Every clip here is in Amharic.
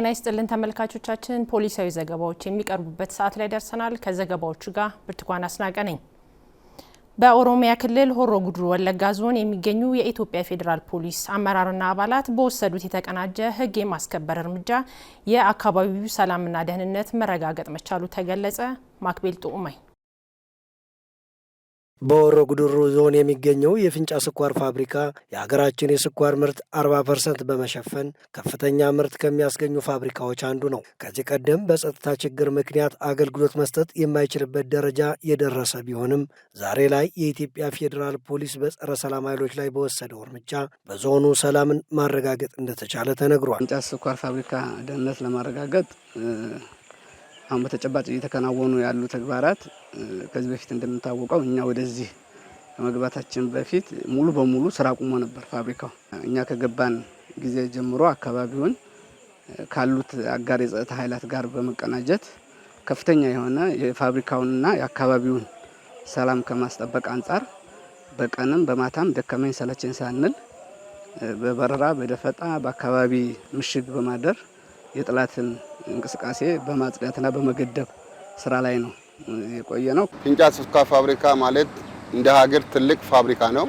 ጤና ይስጥልን ተመልካቾቻችን፣ ፖሊሳዊ ዘገባዎች የሚቀርቡበት ሰዓት ላይ ደርሰናል። ከዘገባዎቹ ጋር ብርቱካን አስናቀ ነኝ። በኦሮሚያ ክልል ሆሮ ጉድሩ ወለጋ ዞን የሚገኙ የኢትዮጵያ ፌዴራል ፖሊስ አመራርና አባላት በወሰዱት የተቀናጀ ሕግ የማስከበር እርምጃ የአካባቢው ሰላምና ደህንነት መረጋገጥ መቻሉ ተገለጸ። ማክቤል ጡኡማይ በሆሮ ጉዱሩ ዞን የሚገኘው የፍንጫ ስኳር ፋብሪካ የሀገራችን የስኳር ምርት 40 ፐርሰንት በመሸፈን ከፍተኛ ምርት ከሚያስገኙ ፋብሪካዎች አንዱ ነው። ከዚህ ቀደም በጸጥታ ችግር ምክንያት አገልግሎት መስጠት የማይችልበት ደረጃ የደረሰ ቢሆንም ዛሬ ላይ የኢትዮጵያ ፌዴራል ፖሊስ በጸረ ሰላም ኃይሎች ላይ በወሰደው እርምጃ በዞኑ ሰላምን ማረጋገጥ እንደተቻለ ተነግሯል። ስኳር ፋብሪካ ደህንነት ለማረጋገጥ አሁን በተጨባጭ እየተከናወኑ ያሉ ተግባራት ከዚህ በፊት እንደሚታወቀው እኛ ወደዚህ ከመግባታችን በፊት ሙሉ በሙሉ ስራ ቁሞ ነበር ፋብሪካው። እኛ ከገባን ጊዜ ጀምሮ አካባቢውን ካሉት አጋር የጸጥታ ኃይላት ጋር በመቀናጀት ከፍተኛ የሆነ የፋብሪካውንና የአካባቢውን ሰላም ከማስጠበቅ አንጻር በቀንም በማታም ደከመኝ ሰለቸኝ ሳንል በበረራ በደፈጣ በአካባቢ ምሽግ በማደር የጠላትን እንቅስቃሴ በማጽዳትና በመገደብ ስራ ላይ ነው የቆየ ነው። ፊንጫ ሱካ ፋብሪካ ማለት እንደ ሀገር ትልቅ ፋብሪካ ነው።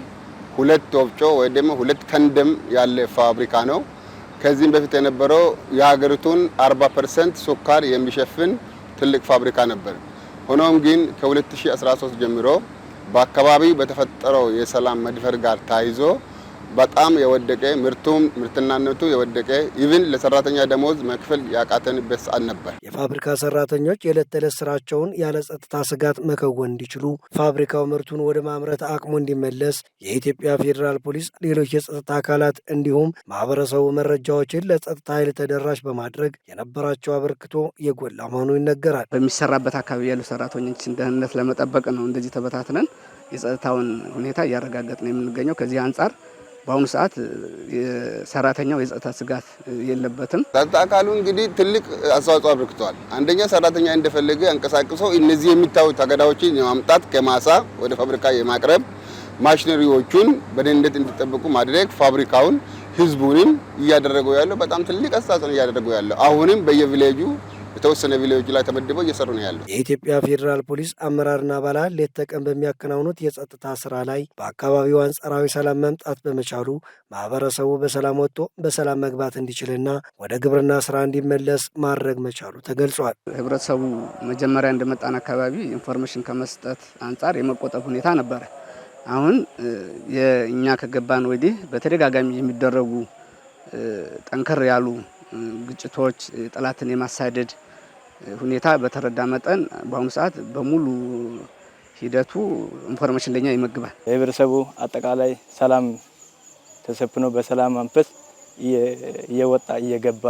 ሁለት ወፍጮ ወይ ደግሞ ሁለት ከንደም ያለ ፋብሪካ ነው። ከዚህም በፊት የነበረው የሀገሪቱን 40 ፐርሰንት ሱካር የሚሸፍን ትልቅ ፋብሪካ ነበር። ሆኖም ግን ከ2013 ጀምሮ በአካባቢው በተፈጠረው የሰላም መድፈር ጋር ታይዞ በጣም የወደቀ ምርቱም ምርትናነቱ የወደቀ ኢቭን ለሰራተኛ ደሞዝ መክፈል ያቃተንበት ሰዓት ነበር። የፋብሪካ ሰራተኞች የዕለት ተዕለት ስራቸውን ያለ ጸጥታ ስጋት መከወን እንዲችሉ ፋብሪካው ምርቱን ወደ ማምረት አቅሙ እንዲመለስ የኢትዮጵያ ፌዴራል ፖሊስ፣ ሌሎች የጸጥታ አካላት እንዲሁም ማህበረሰቡ መረጃዎችን ለጸጥታ ኃይል ተደራሽ በማድረግ የነበራቸው አበርክቶ የጎላ መሆኑ ይነገራል። በሚሰራበት አካባቢ ያሉ ሰራተኞችን ደህንነት ለመጠበቅ ነው እንደዚህ ተበታትነን የጸጥታውን ሁኔታ እያረጋገጥ ነው የምንገኘው ከዚህ አንጻር በአሁኑ ሰዓት ሰራተኛው የጸጥታ ስጋት የለበትም። ጸጥታ አካሉ እንግዲህ ትልቅ አስተዋጽኦ አብርክተዋል። አንደኛ ሰራተኛ እንደፈለገ አንቀሳቅሰው እነዚህ የሚታዩ ታገዳዎችን የማምጣት ከማሳ ወደ ፋብሪካ የማቅረብ ማሽነሪዎቹን በደህንነት እንዲጠበቁ ማድረግ ፋብሪካውን ህዝቡንም እያደረገው ያለው በጣም ትልቅ አስተዋጽኦ እያደረገው ያለው አሁንም በየቪሌጁ የተወሰነ ቪሌጆች ላይ ተመድበው እየሰሩ ነው ያለው። የኢትዮጵያ ፌዴራል ፖሊስ አመራርና አባላት ሌት ተቀን በሚያከናውኑት የጸጥታ ስራ ላይ በአካባቢው አንጻራዊ ሰላም መምጣት በመቻሉ ማህበረሰቡ በሰላም ወጥቶ በሰላም መግባት እንዲችልና ወደ ግብርና ስራ እንዲመለስ ማድረግ መቻሉ ተገልጿል። ህብረተሰቡ መጀመሪያ እንደመጣን አካባቢ ኢንፎርሜሽን ከመስጠት አንጻር የመቆጠብ ሁኔታ ነበረ። አሁን የእኛ ከገባን ወዲህ በተደጋጋሚ የሚደረጉ ጠንከር ያሉ ግጭቶች፣ ጠላትን የማሳደድ ሁኔታ በተረዳ መጠን በአሁኑ ሰዓት በሙሉ ሂደቱ ኢንፎርሜሽን ለኛ ይመግባል። የህብረተሰቡ አጠቃላይ ሰላም ተሰፍኖ በሰላም መንፈስ እየወጣ እየገባ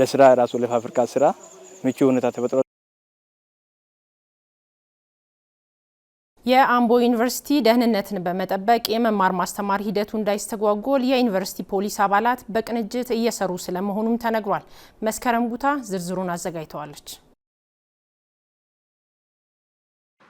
ለስራ ራሱ ለፋብሪካ ስራ ምቹ ሁኔታ ተፈጥሮ የአምቦ ዩኒቨርሲቲ ደህንነትን በመጠበቅ የመማር ማስተማር ሂደቱ እንዳይስተጓጎል የዩኒቨርሲቲ ፖሊስ አባላት በቅንጅት እየሰሩ ስለመሆኑም ተነግሯል። መስከረም ጉታ ዝርዝሩን አዘጋጅተዋለች።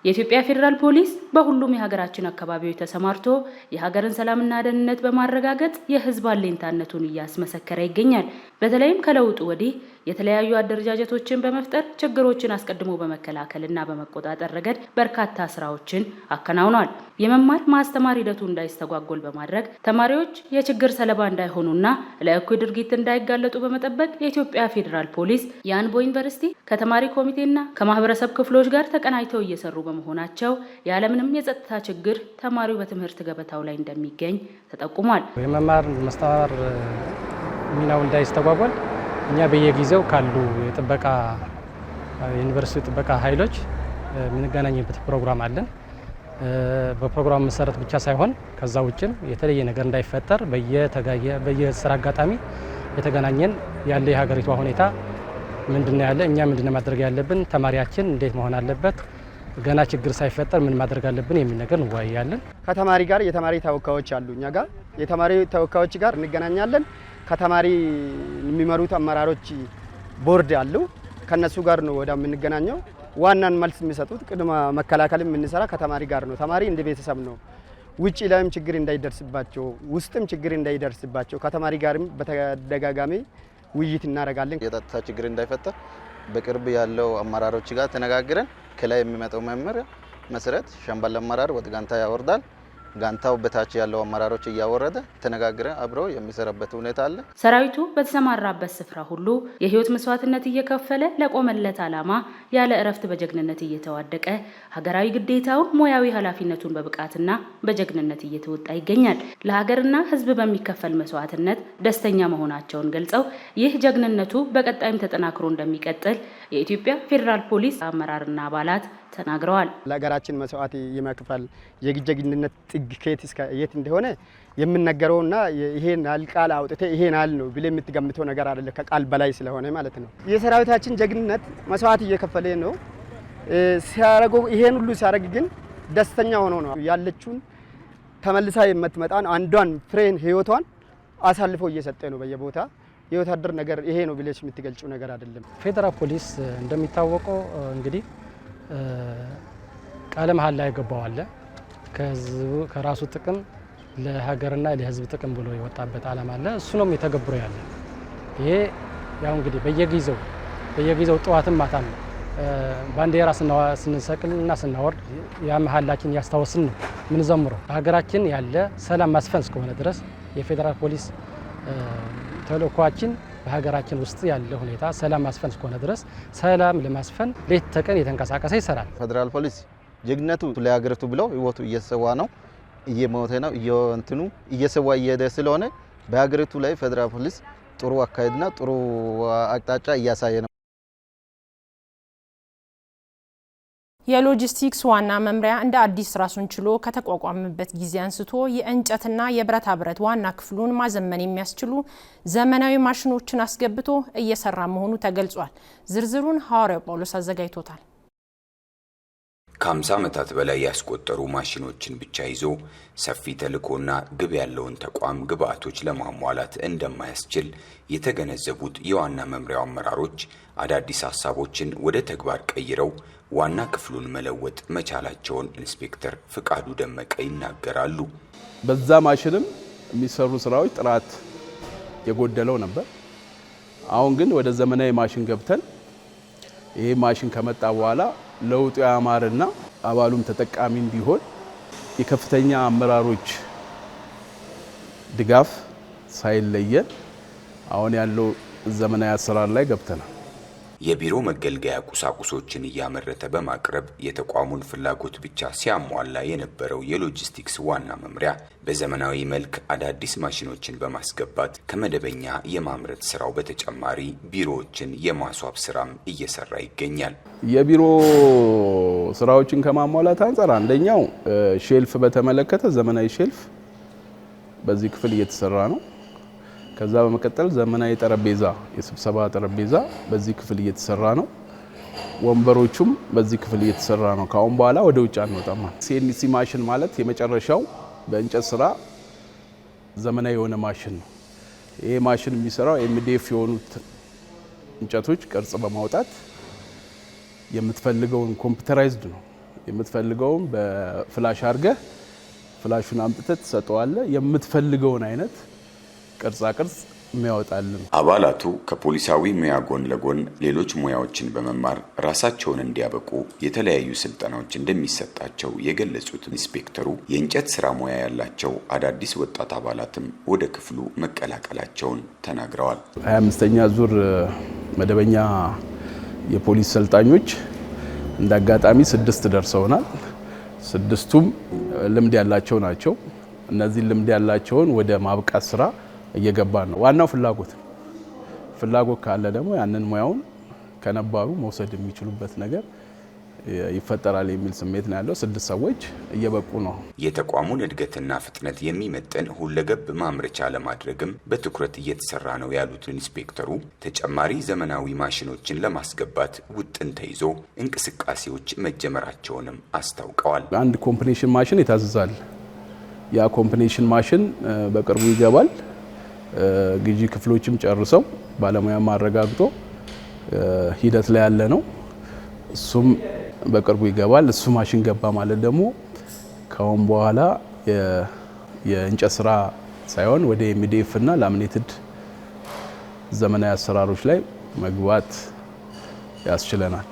የኢትዮጵያ ፌዴራል ፖሊስ በሁሉም የሀገራችን አካባቢዎች ተሰማርቶ የሀገርን ሰላምና ደህንነት በማረጋገጥ የሕዝብ አለኝታነቱን እያስመሰከረ ይገኛል። በተለይም ከለውጡ ወዲህ የተለያዩ አደረጃጀቶችን በመፍጠር ችግሮችን አስቀድሞ በመከላከልና በመቆጣጠር ረገድ በርካታ ስራዎችን አከናውኗል። የመማር ማስተማር ሂደቱ እንዳይስተጓጎል በማድረግ ተማሪዎች የችግር ሰለባ እንዳይሆኑና ለእኩይ ድርጊት እንዳይጋለጡ በመጠበቅ የኢትዮጵያ ፌዴራል ፖሊስ የአንቦ ዩኒቨርሲቲ ከተማሪ ኮሚቴና ከማህበረሰብ ክፍሎች ጋር ተቀናጅተው እየሰሩ በመሆናቸው ያለምንም የጸጥታ ችግር ተማሪው በትምህርት ገበታው ላይ እንደሚገኝ ተጠቁሟል። የመማር መስተማር ሚናው እንዳይስተጓጎል እኛ በየጊዜው ካሉ የጥበቃ ዩኒቨርሲቲ ጥበቃ ኃይሎች የምንገናኝበት ፕሮግራም አለን። በፕሮግራም መሰረት ብቻ ሳይሆን ከዛ ውጭም የተለየ ነገር እንዳይፈጠር በየስራ አጋጣሚ የተገናኘን ያለ የሀገሪቷ ሁኔታ ምንድነው ያለ እኛ ምንድነው ማድረግ ያለብን ተማሪያችን እንዴት መሆን አለበት ገና ችግር ሳይፈጠር ምን ማድረግ አለብን የሚል ነገር እንወያያለን። ከተማሪ ጋር የተማሪ ተወካዮች አሉ። እኛ ጋር የተማሪ ተወካዮች ጋር እንገናኛለን። ከተማሪ የሚመሩት አመራሮች ቦርድ አሉ። ከነሱ ጋር ነው ወደ የምንገናኘው። ዋናን መልስ የሚሰጡት ቅድመ መከላከል የምንሰራ ከተማሪ ጋር ነው። ተማሪ እንደ ቤተሰብ ነው። ውጭ ላይም ችግር እንዳይደርስባቸው፣ ውስጥም ችግር እንዳይደርስባቸው ከተማሪ ጋርም በተደጋጋሚ ውይይት እናደርጋለን። የጸጥታ ችግር እንዳይፈጠር በቅርብ ያለው አመራሮች ጋር ተነጋግረን ከላይ የሚመጣው መመሪያ መሰረት ሻምበል አመራር ወደ ጋንታ ያወርዳል። ጋንታው በታች ያለው አመራሮች እያወረደ ተነጋግረ አብሮ የሚሰራበት ሁኔታ አለ። ሰራዊቱ በተሰማራበት ስፍራ ሁሉ የህይወት መስዋዕትነት እየከፈለ ለቆመለት ዓላማ ያለ እረፍት በጀግንነት እየተዋደቀ ሀገራዊ ግዴታውን ሙያዊ ኃላፊነቱን በብቃትና በጀግንነት እየተወጣ ይገኛል። ለሀገርና ህዝብ በሚከፈል መስዋዕትነት ደስተኛ መሆናቸውን ገልጸው ይህ ጀግንነቱ በቀጣይም ተጠናክሮ እንደሚቀጥል የኢትዮጵያ ፌዴራል ፖሊስ አመራርና አባላት ተናግረዋል። ለሀገራችን መስዋዕት የመክፈል የግጀግንነት ጥግ ከየት እስከ የት እንደሆነ የምነገረውና ይሄን ያህል ቃል አውጥቴ ይሄን ያህል ነው ብለህ የምትገምተው ነገር አይደለም። ከቃል በላይ ስለሆነ ማለት ነው። የሰራዊታችን ጀግንነት መስዋዕት እየከፈለ ነው ሲያረገው ይሄን ሁሉ ሲያደርግ ግን ደስተኛ ሆኖ ነው ያለችውን ተመልሳ የምትመጣን አንዷን ፍሬን ህይወቷን አሳልፎ እየሰጠ ነው በየቦታ የወታደር ነገር ይሄ ነው ብለሽ የምትገልጭው ነገር አይደለም። ፌዴራል ፖሊስ እንደሚታወቀው እንግዲህ ቃለ መሀላ የገባው አለ ከራሱ ጥቅም ለሀገርና ለሕዝብ ጥቅም ብሎ የወጣበት አላማ አለ። እሱ ነው የተገብረው ያለ። ይሄ ያው እንግዲህ በየጊዜው በየጊዜው ጠዋትም ማታም ባንዲራ ስንሰቅል እና ስናወርድ ያ መሀላችን ያስታወስን ነው ምንዘምረው። በሀገራችን ያለ ሰላም ማስፈን እስከሆነ ድረስ የፌዴራል ፖሊስ ተልእኳችን በሀገራችን ውስጥ ያለ ሁኔታ ሰላም ማስፈን እስከሆነ ድረስ ሰላም ለማስፈን ሌት ተቀን የተንቀሳቀሰ ይሰራል። ፌዴራል ፖሊስ ጀግነቱ ለሀገሪቱ ብለው ህይወቱ እየሰዋ ነው፣ እየሞተ ነው፣ እየወንትኑ እየሰዋ እየሄደ ስለሆነ በሀገሪቱ ላይ ፌዴራል ፖሊስ ጥሩ አካሄድና ጥሩ አቅጣጫ እያሳየ ነው። የሎጂስቲክስ ዋና መምሪያ እንደ አዲስ ራሱን ችሎ ከተቋቋመበት ጊዜ አንስቶ የእንጨትና የብረታ ብረት ዋና ክፍሉን ማዘመን የሚያስችሉ ዘመናዊ ማሽኖችን አስገብቶ እየሰራ መሆኑ ተገልጿል። ዝርዝሩን ሐዋርያው ጳውሎስ አዘጋጅቶታል። ከ50 ዓመታት በላይ ያስቆጠሩ ማሽኖችን ብቻ ይዞ ሰፊ ተልኮና ግብ ያለውን ተቋም ግብአቶች ለማሟላት እንደማያስችል የተገነዘቡት የዋና መምሪያው አመራሮች አዳዲስ ሀሳቦችን ወደ ተግባር ቀይረው ዋና ክፍሉን መለወጥ መቻላቸውን ኢንስፔክተር ፍቃዱ ደመቀ ይናገራሉ። በዛ ማሽንም የሚሰሩ ስራዎች ጥራት የጎደለው ነበር። አሁን ግን ወደ ዘመናዊ ማሽን ገብተን ይህ ማሽን ከመጣ በኋላ ለውጡ ያማረና አባሉም ተጠቃሚ እንዲሆን የከፍተኛ አመራሮች ድጋፍ ሳይለየን አሁን ያለው ዘመናዊ አሰራር ላይ ገብተናል። የቢሮ መገልገያ ቁሳቁሶችን እያመረተ በማቅረብ የተቋሙን ፍላጎት ብቻ ሲያሟላ የነበረው የሎጂስቲክስ ዋና መምሪያ በዘመናዊ መልክ አዳዲስ ማሽኖችን በማስገባት ከመደበኛ የማምረት ስራው በተጨማሪ ቢሮዎችን የማስዋብ ስራም እየሰራ ይገኛል። የቢሮ ስራዎችን ከማሟላት አንጻር አንደኛው ሼልፍ በተመለከተ ዘመናዊ ሼልፍ በዚህ ክፍል እየተሰራ ነው። ከዛ በመቀጠል ዘመናዊ ጠረጴዛ፣ የስብሰባ ጠረጴዛ በዚህ ክፍል እየተሰራ ነው። ወንበሮቹም በዚህ ክፍል እየተሰራ ነው። ከአሁን በኋላ ወደ ውጭ አንወጣም። ሲኤንሲ ማሽን ማለት የመጨረሻው በእንጨት ስራ ዘመናዊ የሆነ ማሽን ነው። ይሄ ማሽን የሚሰራው ኤምዲኤፍ የሆኑት እንጨቶች ቅርጽ በማውጣት የምትፈልገውን ኮምፒውተራይዝድ ነው የምትፈልገውን በፍላሽ አድርገህ ፍላሹን አምጥተህ ትሰጠዋለህ የምትፈልገውን አይነት ቅርጻቅርጽ የሚያወጣልን። አባላቱ ከፖሊሳዊ ሙያ ጎን ለጎን ሌሎች ሙያዎችን በመማር ራሳቸውን እንዲያበቁ የተለያዩ ስልጠናዎች እንደሚሰጣቸው የገለጹት ኢንስፔክተሩ የእንጨት ስራ ሙያ ያላቸው አዳዲስ ወጣት አባላትም ወደ ክፍሉ መቀላቀላቸውን ተናግረዋል። 25ኛ ዙር መደበኛ የፖሊስ ሰልጣኞች እንደ አጋጣሚ ስድስት ደርሰውናል። ስድስቱም ልምድ ያላቸው ናቸው። እነዚህ ልምድ ያላቸውን ወደ ማብቃት ስራ እየገባን ነው። ዋናው ፍላጎት ፍላጎት ካለ ደግሞ ያንን ሙያውን ከነባሩ መውሰድ የሚችሉበት ነገር ይፈጠራል የሚል ስሜት ነው ያለው። ስድስት ሰዎች እየበቁ ነው። የተቋሙን እድገትና ፍጥነት የሚመጥን ሁለገብ ማምረቻ ለማድረግም በትኩረት እየተሰራ ነው ያሉት ኢንስፔክተሩ ተጨማሪ ዘመናዊ ማሽኖችን ለማስገባት ውጥን ተይዞ እንቅስቃሴዎች መጀመራቸውንም አስታውቀዋል። አንድ ኮምፕኔሽን ማሽን ይታዘዛል። ያ ኮምፕኔሽን ማሽን በቅርቡ ይገባል። ግዢ ክፍሎችም ጨርሰው ባለሙያም አረጋግጦ ሂደት ላይ ያለ ነው። እሱም በቅርቡ ይገባል። እሱ ማሽን ገባ ማለት ደግሞ ከአሁን በኋላ የእንጨት ስራ ሳይሆን ወደ ኤምዲኤፍ እና ላሚኔትድ ዘመናዊ አሰራሮች ላይ መግባት ያስችለናል።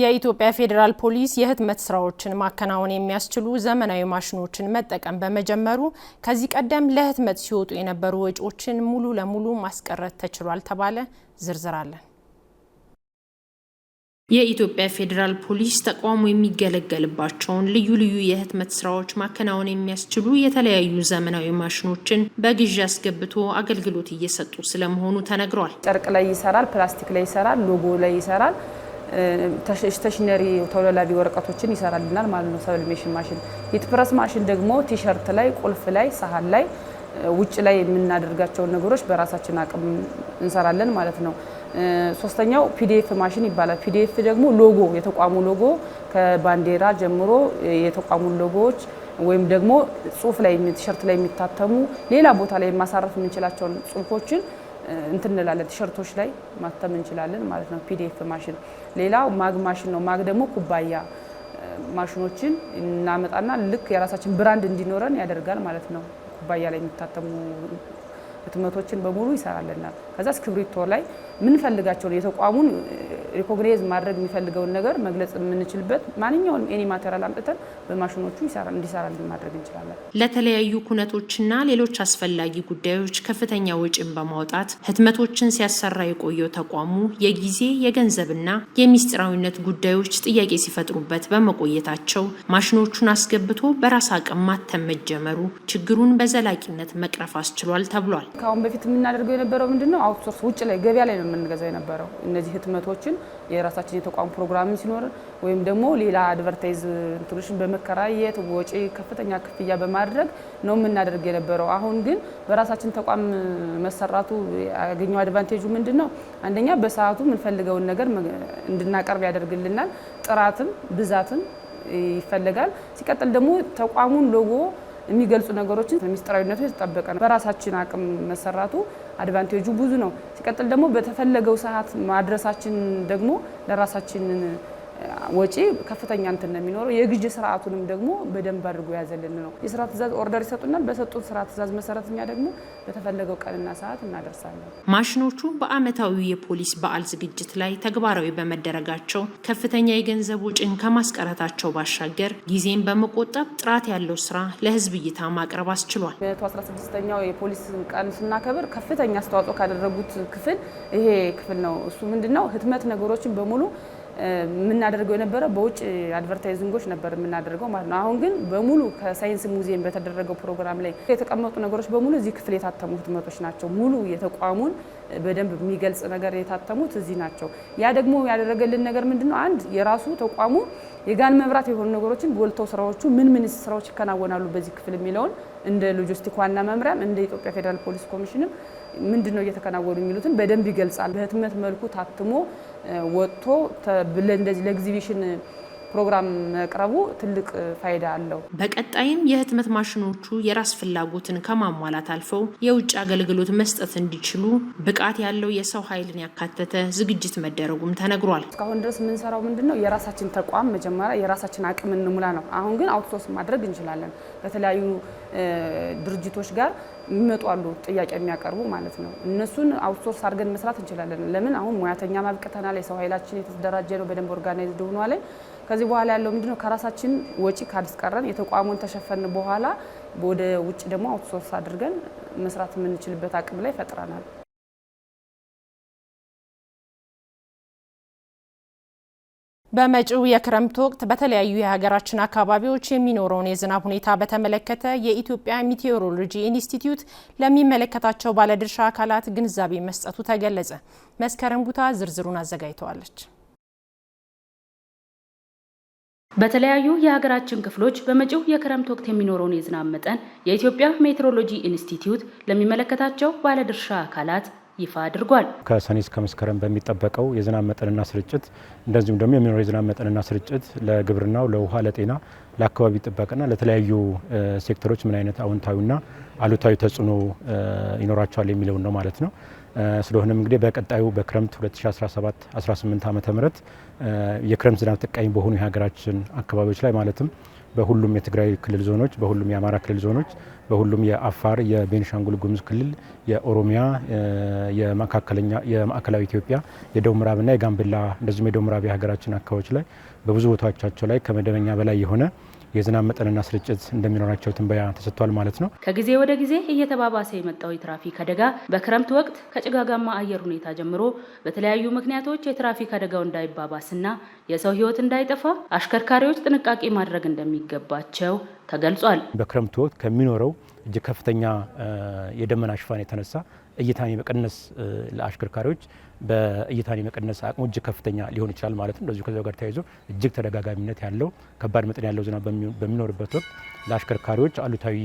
የኢትዮጵያ ፌዴራል ፖሊስ የህትመት ስራዎችን ማከናወን የሚያስችሉ ዘመናዊ ማሽኖችን መጠቀም በመጀመሩ ከዚህ ቀደም ለህትመት ሲወጡ የነበሩ ወጪዎችን ሙሉ ለሙሉ ማስቀረት ተችሏል ተባለ። ዝርዝር አለን። የኢትዮጵያ ፌዴራል ፖሊስ ተቋሙ የሚገለገልባቸውን ልዩ ልዩ የህትመት ስራዎች ማከናወን የሚያስችሉ የተለያዩ ዘመናዊ ማሽኖችን በግዢ አስገብቶ አገልግሎት እየሰጡ ስለመሆኑ ተነግሯል። ጨርቅ ላይ ይሰራል፣ ፕላስቲክ ላይ ይሰራል፣ ሎጎ ላይ ይሰራል ስቴሽነሪ ተወላላቢ ወረቀቶችን ይሰራልናል ማለት ነው። ሰብሊሜሽን ማሽን የትፕረስ ማሽን ደግሞ ቲሸርት ላይ፣ ቁልፍ ላይ፣ ሳህን ላይ ውጭ ላይ የምናደርጋቸውን ነገሮች በራሳችን አቅም እንሰራለን ማለት ነው። ሶስተኛው ፒዲኤፍ ማሽን ይባላል። ፒዲኤፍ ደግሞ ሎጎ የተቋሙ ሎጎ ከባንዲራ ጀምሮ የተቋሙን ሎጎዎች ወይም ደግሞ ጽሁፍ ላይ ቲሸርት ላይ የሚታተሙ ሌላ ቦታ ላይ ማሳረፍ የምንችላቸውን ጽሁፎችን እንትን እንላለን ቲሸርቶች ላይ ማተም እንችላለን ማለት ነው። ፒዲኤፍ ማሽን። ሌላው ማግ ማሽን ነው። ማግ ደግሞ ኩባያ ማሽኖችን እናመጣና ልክ የራሳችን ብራንድ እንዲኖረን ያደርጋል ማለት ነው። ኩባያ ላይ የሚታተሙ ህትመቶችን በሙሉ ይሰራልናል። ከዛ እስክብሪቶ ላይ ምንፈልጋቸውን የተቋሙን ሪኮግናይዝ ማድረግ የሚፈልገውን ነገር መግለጽ የምንችልበት ማንኛውንም ኤኒ ማቴሪያል አምጥተን በማሽኖቹ እንዲሰራልን ማድረግ እንችላለን። ለተለያዩ ኩነቶችና ሌሎች አስፈላጊ ጉዳዮች ከፍተኛ ወጪን በማውጣት ህትመቶችን ሲያሰራ የቆየው ተቋሙ የጊዜ የገንዘብና የሚስጥራዊነት ጉዳዮች ጥያቄ ሲፈጥሩበት በመቆየታቸው ማሽኖቹን አስገብቶ በራስ አቅም ማተም መጀመሩ ችግሩን በዘላቂነት መቅረፍ አስችሏል ተብሏል። ከአሁን በፊት የምናደርገው የነበረው ምንድነው አውትሶርስ ውጭ ላይ ገበያ ላይ ነው የምንገዛው የነበረው። እነዚህ ህትመቶችን የራሳችን የተቋም ፕሮግራም ሲኖር ወይም ደግሞ ሌላ አድቨርታይዝ እንትኖችን በመከራየት ወጪ ከፍተኛ ክፍያ በማድረግ ነው የምናደርግ የነበረው። አሁን ግን በራሳችን ተቋም መሰራቱ ያገኘው አድቫንቴጁ ምንድን ነው? አንደኛ በሰዓቱ የምንፈልገውን ነገር እንድናቀርብ ያደርግልናል። ጥራትም ብዛትም ይፈልጋል። ሲቀጥል ደግሞ ተቋሙን ሎጎ የሚገልጹ ነገሮችን ሚስጥራዊነቱ የተጠበቀ ነው። በራሳችን አቅም መሰራቱ አድቫንቴጁ ብዙ ነው። ሲቀጥል ደግሞ በተፈለገው ሰዓት ማድረሳችን ደግሞ ለራሳችን ወጪ ከፍተኛ እንትን ነው የሚኖረው። የግዥ ስርዓቱንም ደግሞ በደንብ አድርጎ ያዘልን ነው። የስራ ትእዛዝ ኦርደር ይሰጡናል። በሰጡት ስራ ትእዛዝ መሰረት እኛ ደግሞ በተፈለገው ቀንና ሰዓት እናደርሳለን። ማሽኖቹ በአመታዊ የፖሊስ በዓል ዝግጅት ላይ ተግባራዊ በመደረጋቸው ከፍተኛ የገንዘብ ወጪን ከማስቀረታቸው ባሻገር ጊዜን በመቆጠብ ጥራት ያለው ስራ ለህዝብ እይታ ማቅረብ አስችሏል። መቶ 16ኛው የፖሊስ ቀን ስናከብር ከፍተኛ አስተዋጽኦ ካደረጉት ክፍል ይሄ ክፍል ነው። እሱ ምንድን ነው ህትመት ነገሮችን በሙሉ የምናደርገው የነበረ በውጭ አድቨርታይዝንጎች ነበር የምናደርገው ማለት ነው። አሁን ግን በሙሉ ከሳይንስ ሙዚየም በተደረገው ፕሮግራም ላይ የተቀመጡ ነገሮች በሙሉ እዚህ ክፍል የታተሙ ህትመቶች ናቸው። ሙሉ የተቋሙን በደንብ የሚገልጽ ነገር የታተሙት እዚህ ናቸው። ያ ደግሞ ያደረገልን ነገር ምንድን ነው? አንድ የራሱ ተቋሙ የጋን መብራት የሆኑ ነገሮችን ጎልተው ስራዎቹ ምን ምን ስራዎች ይከናወናሉ በዚህ ክፍል የሚለውን እንደ ሎጂስቲክ ዋና መምሪያም እንደ ኢትዮጵያ ፌዴራል ፖሊስ ኮሚሽንም ምንድን ነው እየተከናወኑ የሚሉትን በደንብ ይገልጻል። በህትመት መልኩ ታትሞ ወጥቶ ለእንደዚህ ፕሮግራም መቅረቡ ትልቅ ፋይዳ አለው። በቀጣይም የህትመት ማሽኖቹ የራስ ፍላጎትን ከማሟላት አልፈው የውጭ አገልግሎት መስጠት እንዲችሉ ብቃት ያለው የሰው ኃይልን ያካተተ ዝግጅት መደረጉም ተነግሯል። እስካሁን ድረስ የምንሰራው ምንድን ነው? የራሳችን ተቋም መጀመሪያ የራሳችን አቅም እንሙላ ነው። አሁን ግን አውትሶርስ ማድረግ እንችላለን። በተለያዩ ድርጅቶች ጋር የሚመጡ አሉ፣ ጥያቄ የሚያቀርቡ ማለት ነው። እነሱን አውትሶርስ አድርገን መስራት እንችላለን። ለምን አሁን ሙያተኛ ማብቅተናል። የሰው ኃይላችን የተደራጀ ነው። በደንብ ኦርጋናይዝድ ሆኗል። ከዚህ በኋላ ያለው ምንድነው ከራሳችን ወጪ ካስቀረን የተቋሙን ተሸፈን በኋላ ወደ ውጭ ደግሞ አውትሶርስ አድርገን መስራት የምንችልበት አቅም ላይ ፈጥረናል። በመጪው የክረምት ወቅት በተለያዩ የሀገራችን አካባቢዎች የሚኖረውን የዝናብ ሁኔታ በተመለከተ የኢትዮጵያ ሚቴዎሮሎጂ ኢንስቲትዩት ለሚመለከታቸው ባለድርሻ አካላት ግንዛቤ መስጠቱ ተገለጸ። መስከረም ጉታ ዝርዝሩን አዘጋጅተዋለች። በተለያዩ የሀገራችን ክፍሎች በመጪው የክረምት ወቅት የሚኖረውን የዝናብ መጠን የኢትዮጵያ ሜትሮሎጂ ኢንስቲትዩት ለሚመለከታቸው ባለድርሻ አካላት ይፋ አድርጓል። ከሰኔ እስከ መስከረም በሚጠበቀው የዝናብ መጠንና ስርጭት እንደዚሁም ደግሞ የሚኖረው የዝናብ መጠንና ስርጭት ለግብርናው፣ ለውሃ፣ ለጤና፣ ለአካባቢ ጥበቃና ለተለያዩ ሴክተሮች ምን አይነት አዎንታዊና አሉታዊ ተጽዕኖ ይኖራቸዋል የሚለውን ነው ማለት ነው። ስለሆነም እንግዲህ በቀጣዩ በክረምት 2017-18 ዓ ም የክረምት ዝናብ ተጠቃሚ በሆኑ የሀገራችን አካባቢዎች ላይ ማለትም በሁሉም የትግራይ ክልል ዞኖች፣ በሁሉም የአማራ ክልል ዞኖች፣ በሁሉም የአፋር፣ የቤንሻንጉል ጉሙዝ ክልል፣ የኦሮሚያ፣ የማዕከላዊ ኢትዮጵያ፣ የደቡብ ምዕራብና የጋምቤላ እንደዚሁም የደቡብ ምዕራብ የሀገራችን አካባቢዎች ላይ በብዙ ቦታዎቻቸው ላይ ከመደበኛ በላይ የሆነ የዝናብ መጠንና ስርጭት እንደሚኖራቸው ትንበያ ተሰጥቷል ማለት ነው። ከጊዜ ወደ ጊዜ እየተባባሰ የመጣው የትራፊክ አደጋ በክረምት ወቅት ከጭጋጋማ አየር ሁኔታ ጀምሮ በተለያዩ ምክንያቶች የትራፊክ አደጋው እንዳይባባስና የሰው ሕይወት እንዳይጠፋ አሽከርካሪዎች ጥንቃቄ ማድረግ እንደሚገባቸው ተገልጿል። በክረምት ወቅት ከሚኖረው እጅግ ከፍተኛ የደመና ሽፋን የተነሳ እይታን የመቀነስ ለአሽከርካሪዎች በእይታን የመቀነስ አቅሙ እጅግ ከፍተኛ ሊሆን ይችላል ማለት ነው። እንደዚሁ ከዚያው ጋር ተያይዞ እጅግ ተደጋጋሚነት ያለው ከባድ መጠን ያለው ዝናብ በሚኖርበት ወቅት ለአሽከርካሪዎች አሉታዊ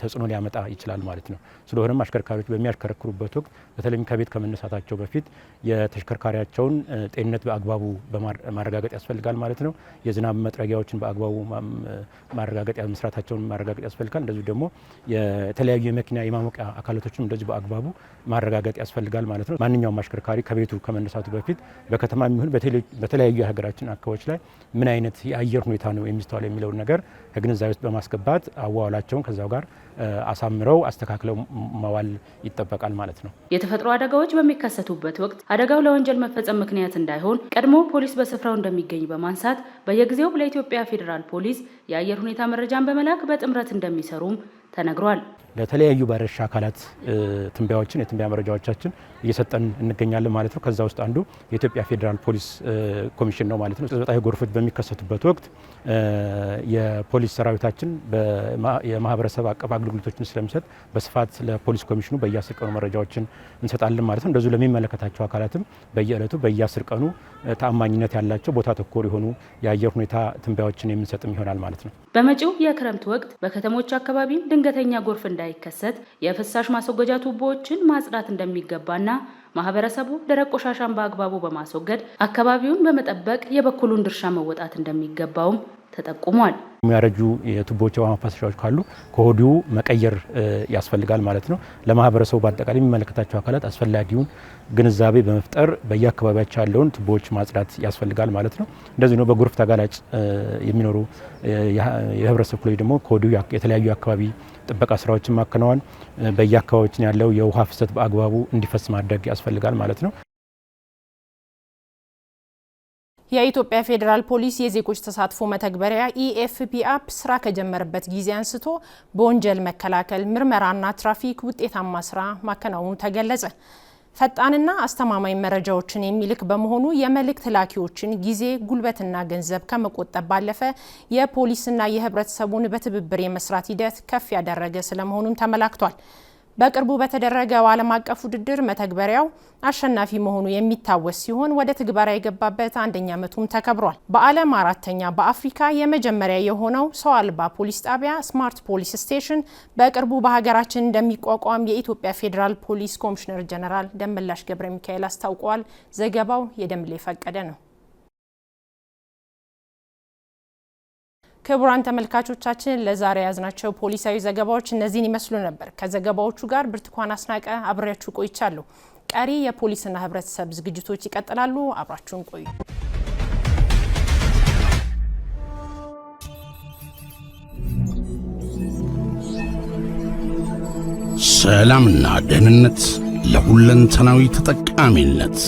ተጽዕኖ ሊያመጣ ይችላል ማለት ነው። ስለሆነም አሽከርካሪዎች በሚያሽከረክሩበት ወቅት በተለይም ከቤት ከመነሳታቸው በፊት የተሽከርካሪያቸውን ጤንነት በአግባቡ ማረጋገጥ ያስፈልጋል ማለት ነው። የዝናብ መጥረጊያዎችን በአግባቡ ማረጋገጥ መስራታቸውን ማረጋገጥ ያስፈልጋል። እንደዚሁ ደግሞ የተለያዩ የመኪና የማሞቂያ አካላቶችም እንደዚሁ በአግባቡ ማረጋገጥ ያስፈልጋል ማለት ነው። ማንኛውም አሽከርካሪ ከቤቱ ከመነሳቱ በፊት በከተማ የሚሆን በተለያዩ የሀገራችን አካባቢዎች ላይ ምን አይነት የአየር ሁኔታ ነው የሚስተዋል የሚለውን ነገር ከግንዛቤ ውስጥ በማስገባት አዋዋላቸውን ከዛው ጋር አሳምረው አስተካክለው መዋል ይጠበቃል ማለት ነው። የተፈጥሮ አደጋዎች በሚከሰቱበት ወቅት አደጋው ለወንጀል መፈጸም ምክንያት እንዳይሆን ቀድሞ ፖሊስ በስፍራው እንደሚገኝ በማንሳት በየጊዜው ለኢትዮጵያ ፌዴራል ፖሊስ የአየር ሁኔታ መረጃን በመላክ በጥምረት እንደሚሰሩም ተነግሯል። ለተለያዩ ባለድርሻ አካላት ትንበያዎችን የትንበያ መረጃዎቻችን እየሰጠን እንገኛለን ማለት ነው። ከዛ ውስጥ አንዱ የኢትዮጵያ ፌዴራል ፖሊስ ኮሚሽን ነው ማለት ነው። ጾታዊ ጎርፎች በሚከሰቱበት ወቅት የፖሊስ ሰራዊታችን የማህበረሰብ አቀፍ አገልግሎቶችን ስለሚሰጥ በስፋት ለፖሊስ ኮሚሽኑ በየአስር ቀኑ መረጃዎችን እንሰጣለን ማለት ነው። እንደዚሁ ለሚመለከታቸው አካላትም በየዕለቱ በየአስር ቀኑ ተአማኝነት ያላቸው ቦታ ተኮር የሆኑ የአየር ሁኔታ ትንበያዎችን የምንሰጥም ይሆናል ማለት ነው። በመጪው የክረምት ወቅት በከተሞች አካባቢ ድንገተኛ ጎርፍ እንዳይከሰት የፍሳሽ ማስወገጃ ቱቦዎችን ማጽዳት እንደሚገባና ማህበረሰቡ ደረቅ ቆሻሻን በአግባቡ በማስወገድ አካባቢውን በመጠበቅ የበኩሉን ድርሻ መወጣት እንደሚገባውም ተጠቁሟል። የሚያረጁ የቱቦዎች የውሃ ማፋሰሻዎች ካሉ ከወዲሁ መቀየር ያስፈልጋል ማለት ነው። ለማህበረሰቡ በአጠቃላይ የሚመለከታቸው አካላት አስፈላጊውን ግንዛቤ በመፍጠር በየአካባቢያቸው ያለውን ቱቦዎች ማጽዳት ያስፈልጋል ማለት ነው። እንደዚህ ነው። በጎርፍ ተጋላጭ የሚኖሩ የህብረተሰብ ክፍሎች ደግሞ ከወዲሁ የተለያዩ አካባቢ ጥበቃ ስራዎችን ማከናወን፣ በየአካባቢዎችን ያለው የውሃ ፍሰት በአግባቡ እንዲፈስ ማድረግ ያስፈልጋል ማለት ነው። የኢትዮጵያ ፌዴራል ፖሊስ የዜጎች ተሳትፎ መተግበሪያ ኢኤፍፒ e አፕ ስራ ከጀመረበት ጊዜ አንስቶ በወንጀል መከላከል ምርመራና ትራፊክ ውጤታማ ስራ ማከናወኑ ተገለጸ። ፈጣንና አስተማማኝ መረጃዎችን የሚልክ በመሆኑ የመልእክት ላኪዎችን ጊዜ፣ ጉልበትና ገንዘብ ከመቆጠብ ባለፈ የፖሊስና የህብረተሰቡን በትብብር የመስራት ሂደት ከፍ ያደረገ ስለመሆኑም ተመላክቷል። በቅርቡ በተደረገው ዓለም አቀፍ ውድድር መተግበሪያው አሸናፊ መሆኑ የሚታወስ ሲሆን ወደ ትግበራ የገባበት አንደኛ ዓመቱም ተከብሯል። በዓለም አራተኛ፣ በአፍሪካ የመጀመሪያ የሆነው ሰው አልባ ፖሊስ ጣቢያ ስማርት ፖሊስ ስቴሽን በቅርቡ በሀገራችን እንደሚቋቋም የኢትዮጵያ ፌዴራል ፖሊስ ኮሚሽነር ጀነራል ደመላሽ ገብረ ሚካኤል አስታውቀዋል። ዘገባው የደምሌ ፈቀደ ነው። ክቡራን ተመልካቾቻችን ለዛሬ ያዝናቸው ፖሊሳዊ ዘገባዎች እነዚህን ይመስሉ ነበር። ከዘገባዎቹ ጋር ብርቱካን አስናቀ አብሬያችሁ ቆይቻለሁ። ቀሪ የፖሊስና ህብረተሰብ ዝግጅቶች ይቀጥላሉ። አብራችሁን ቆዩ። ሰላምና ደህንነት ለሁለንተናዊ ተጠቃሚነት